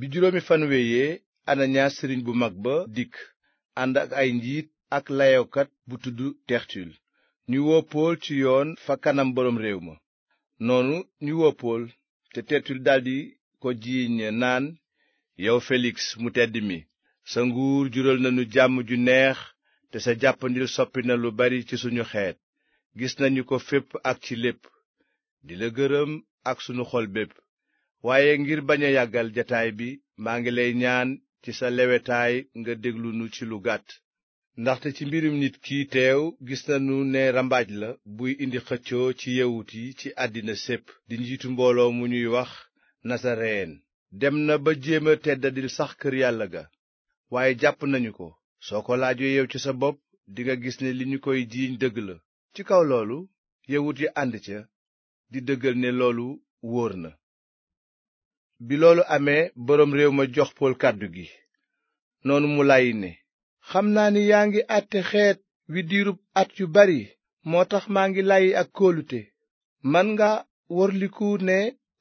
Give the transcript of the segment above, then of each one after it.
bi juróomi fan weyee ananiyaas sëriñ bu mag ba dikk ànd ak ay njiit ak layokat bu tudd tertul ñu woo ci yoon fa kanam boroom réew ma noonu ñu woo te tertul daldi ko jiiñ naan yow feliks mu tedd mi sa nguur jural nañu jàmm ju neex te sa jàppandil soppi na lu bari ci suñu xeet gis nañu ko fépp ak ci lépp di la gërëm ak sunu xol bépp waaye ngir bañ a yàggal jataay bi maa ngi lay ñaan ci sa lewetaay nga déglu nu ci lu gàtt ndaxte ci mbirum nit kii teew gis nañu ne rambaaj la buy indi xëccoo ci yawut yi ci àddina sépp di njiitu mbooloo mu ñuy wax nasareen dem na ba jéem a teddadil sax kër yàlla ga waaye jàpp nañu ko soo ko laajoo yow ci sa bopp dinga gis ne li ñu koy jiiñ dëgg la ci kaw loolu yawut yi ànd ca di dëggal ne loolu wóor na bi loolu amee boroom réew ma jox pool kàddu gi noonu mu làyyi ne xam naa ni yaa ngi àtte xeet wi diirub at yu bari moo tax maa ngi làyyi ak koolute man nga worliku ne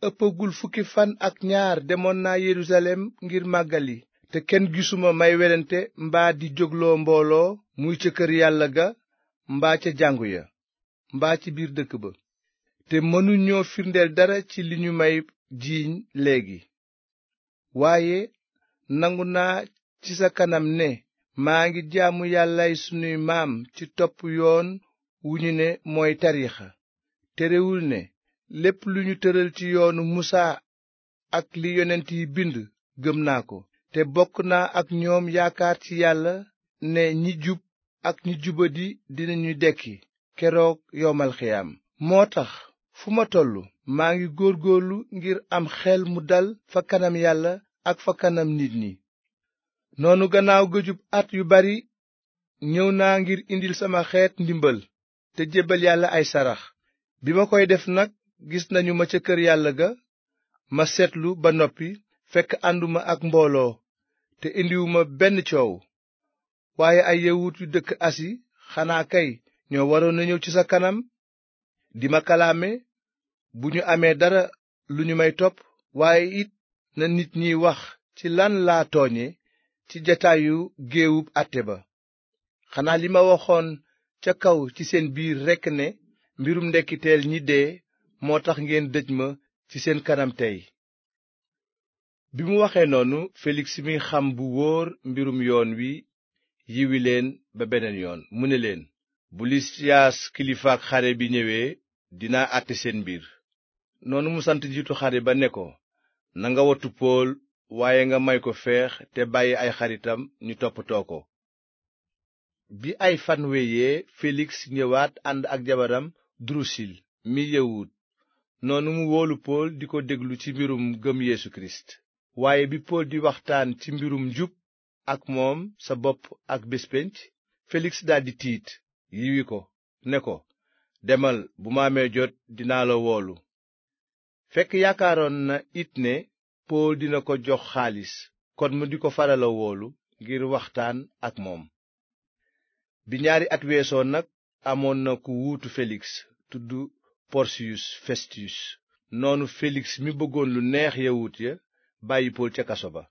ëppagul fukki fan ak ñaar demoon naa Yerusalem ngir màggali te kenn gisuma may werante mbaa di jógloo mbooloo muy ca kër yàlla ga mbaa ca jàngu ya mbaa ci biir dëkk ba te mënuñoo firndeel dara ci li ñu may jiiñ léegi waaye nangu naa ci sa kanam ne maa ngi jaamu yàllay sunuy maam ci topp yoon wu ñu ne mooy tariixa terewul ne lépp lu ñu tëral ci yoonu musaa ak li yonent yi bind gëm naa ko te bokk naa ak ñoom yaakaar ci yàlla ne ñi jub ak ñi jubadi dinañu dekki keroog yowmal xiyaam moo tax fu ma tollu maa ngi góor góorlu ngir am xel mu dal fa kanam yàlla ak fa kanam nit ñi noonu gannaaw gëjub at yu bari ñëw naa ngir indil sama xeet ndimbal te jébbal yàlla ay sarax bi ma koy def nag gis nañu ma ca kër yàlla ga ma seetlu ba noppi fekk ànduma ak mbooloo te indiwuma benn coow waaye ay yawut yu dëkk asi xanaa kay ñoo waroon na ñëw ci sa kanam di ma kalaame bu ñu amee dara lu ñu may topp waaye it na nit ñi wax ci lan laa tooñe ci jataayu géewub àtte ba xanaa li ma waxoon ca kaw ci seen biir rekk ne mbirum ndekkiteel ñi dee moo tax ngeen dëj ma ci seen kanam tey bi mu waxee noonu Feliks mi xam bu wóor mbirum yoon wi yiwi ba beneen yoon mu ne leen bu Lisiyaas kilifaak xare bi ñëwee dinaa àtte seen biir noonu mu sant njiitu xare ba ne ko na nga wattu pool waaye nga may ko feex te bàyyi ay xaritam ñu toppatoo ko bi ay fan weyee feliks ñëwaat ànd ak jabaram durusil mi yawut noonu mu wóolu pool di ko déglu ci mbirum gëm yeesu kirist waaye bi pool di waxtaan ci mbirum njub ak moom sa bopp ak béspenc feliks daldi tiit yiwi ko ne ko demal bu ma amee jot dinaa la woolu fekk yaakaaroon na it ne pool dina ko jox xaalis kon mu di ko farala woolu ngir waxtaan ak moom bi ñaari at weesoo nag amoon na ku wuutu feliks tudd porsiyus festus noonu feliks mi bëggoon lu neex yawut ya bàyyi pool ca kaso ba